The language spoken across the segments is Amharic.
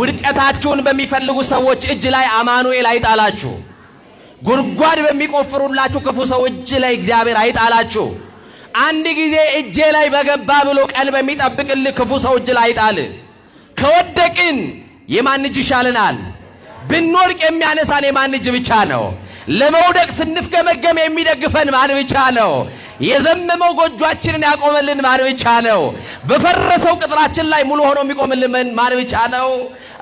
ውድቀታችሁን በሚፈልጉ ሰዎች እጅ ላይ አማኑኤል አይጣላችሁ። ጉድጓድ በሚቆፍሩላችሁ ክፉ ሰው እጅ ላይ እግዚአብሔር አይጣላችሁ። አንድ ጊዜ እጄ ላይ በገባ ብሎ ቀን በሚጠብቅልህ ክፉ ሰው እጅ ላይ አይጣል። ከወደቅን የማን እጅ ይሻልናል? ብንወድቅ የሚያነሳን የማን እጅ ብቻ ነው? ለመውደቅ ስንፍገመገም የሚደግፈን ማን ብቻ ነው? የዘመመው ጎጇችንን ያቆመልን ማን ብቻ ነው? በፈረሰው ቅጥራችን ላይ ሙሉ ሆኖ የሚቆምልን ማን ብቻ ነው?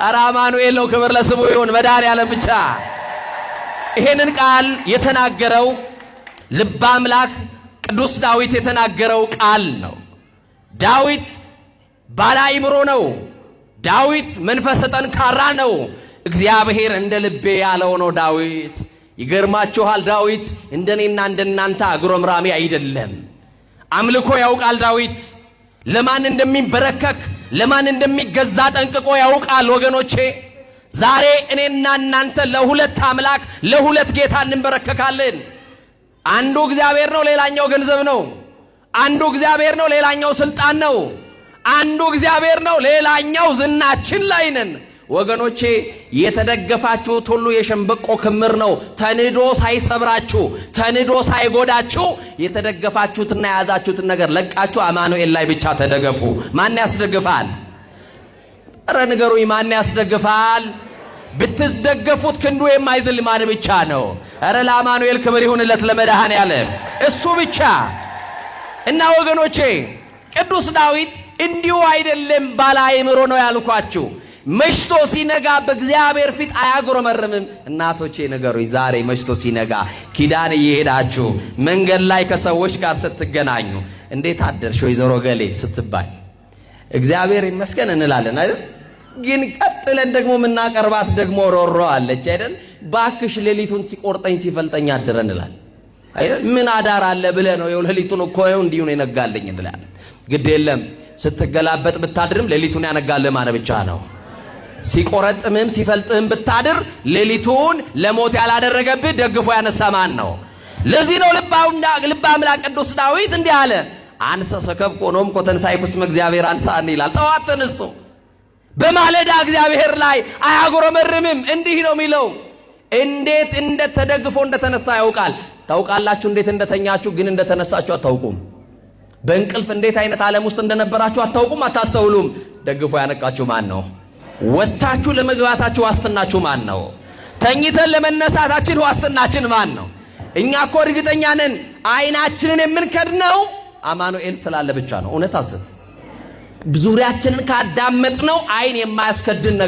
ኧረ አማኑኤል ነው። ክብር ለስሙ ይሁን መድኃኔዓለም ብቻ። ይሄንን ቃል የተናገረው ልበ አምላክ ቅዱስ ዳዊት የተናገረው ቃል ነው። ዳዊት ባለ አእምሮ ነው። ዳዊት መንፈሰ ጠንካራ ነው። እግዚአብሔር እንደ ልቤ ያለው ነው ዳዊት ይገርማችኋል፣ ዳዊት እንደኔና እንደናንተ አጉረምራሚ አይደለም። አምልኮ ያውቃል ዳዊት። ለማን እንደሚበረከክ ለማን እንደሚገዛ ጠንቅቆ ያውቃል። ወገኖቼ ዛሬ እኔና እናንተ ለሁለት አምላክ ለሁለት ጌታ እንበረከካለን። አንዱ እግዚአብሔር ነው፣ ሌላኛው ገንዘብ ነው። አንዱ እግዚአብሔር ነው፣ ሌላኛው ስልጣን ነው። አንዱ እግዚአብሔር ነው፣ ሌላኛው ዝናችን ላይ ነን። ወገኖቼ የተደገፋችሁት ሁሉ የሸንበቆ ክምር ነው። ተንዶ ሳይሰብራችሁ፣ ተንዶ ሳይጎዳችሁ የተደገፋችሁትና የያዛችሁትን ነገር ለቃችሁ አማኑኤል ላይ ብቻ ተደገፉ። ማን ያስደግፋል? ረ ንገሩኝ፣ ማን ያስደግፋል? ብትደገፉት ክንዱ የማይዝል ማን ብቻ ነው? እረ ለአማኑኤል ክብር ይሁንለት፣ ለመድኃኔ ዓለም እሱ ብቻ እና ወገኖቼ ቅዱስ ዳዊት እንዲሁ አይደለም ባለ አእምሮ ነው ያልኳችሁ መሽቶ ሲነጋ በእግዚአብሔር ፊት አያጉረመርምም። እናቶቼ ንገሩኝ፣ ዛሬ መሽቶ ሲነጋ ኪዳን እየሄዳችሁ መንገድ ላይ ከሰዎች ጋር ስትገናኙ እንዴት አደርሽ ወይዘሮ ገሌ ስትባል እግዚአብሔር ይመስገን እንላለን አይደል? ግን ቀጥለን ደግሞ የምናቀርባት ደግሞ ሮሮ አለች አይደል? ባክሽ ሌሊቱን ሲቆርጠኝ ሲፈልጠኝ አደረ እንላለን አይደል? ምን አዳር አለ ብለህ ነው ሌሊቱን እኮ እንዲሁ ነው የነጋልኝ እንላለን። ግድ የለም ስትገላበጥ ብታድርም ሌሊቱን ያነጋልህ ማን ብቻ ነው? ሲቆረጥምም ሲፈልጥም ብታድር ሌሊቱን ለሞት ያላደረገብህ ደግፎ ያነሳ ማን ነው? ለዚህ ነው ልበ አምላክ ቅዱስ ዳዊት እንዲህ አለ፣ አንሰ ሰከብኩ ኖምኮ ኮተንሳይኩስም እግዚአብሔር አንሳን ይላል። ጠዋት ተነስቶ በማለዳ እግዚአብሔር ላይ አያጎረመርምም። እንዲህ ነው የሚለው። እንዴት እንደ ተደግፎ እንደተነሳ ያውቃል። ታውቃላችሁ እንዴት እንደተኛችሁ ግን እንደተነሳችሁ አታውቁም። በእንቅልፍ እንዴት አይነት ዓለም ውስጥ እንደነበራችሁ አታውቁም፣ አታስተውሉም። ደግፎ ያነቃችሁ ማን ነው? ወጥታችሁ ለመግባታችሁ ዋስትናችሁ ማን ነው? ተኝተን ለመነሳታችን ዋስትናችን ማን ነው? እኛ እኮ እርግጠኛ ነን። አይናችንን የምንከድነው አማኑኤል ስላለ ብቻ ነው። እውነት አስት ዙሪያችንን ካዳመጥነው አይን የማያስከድን ነገር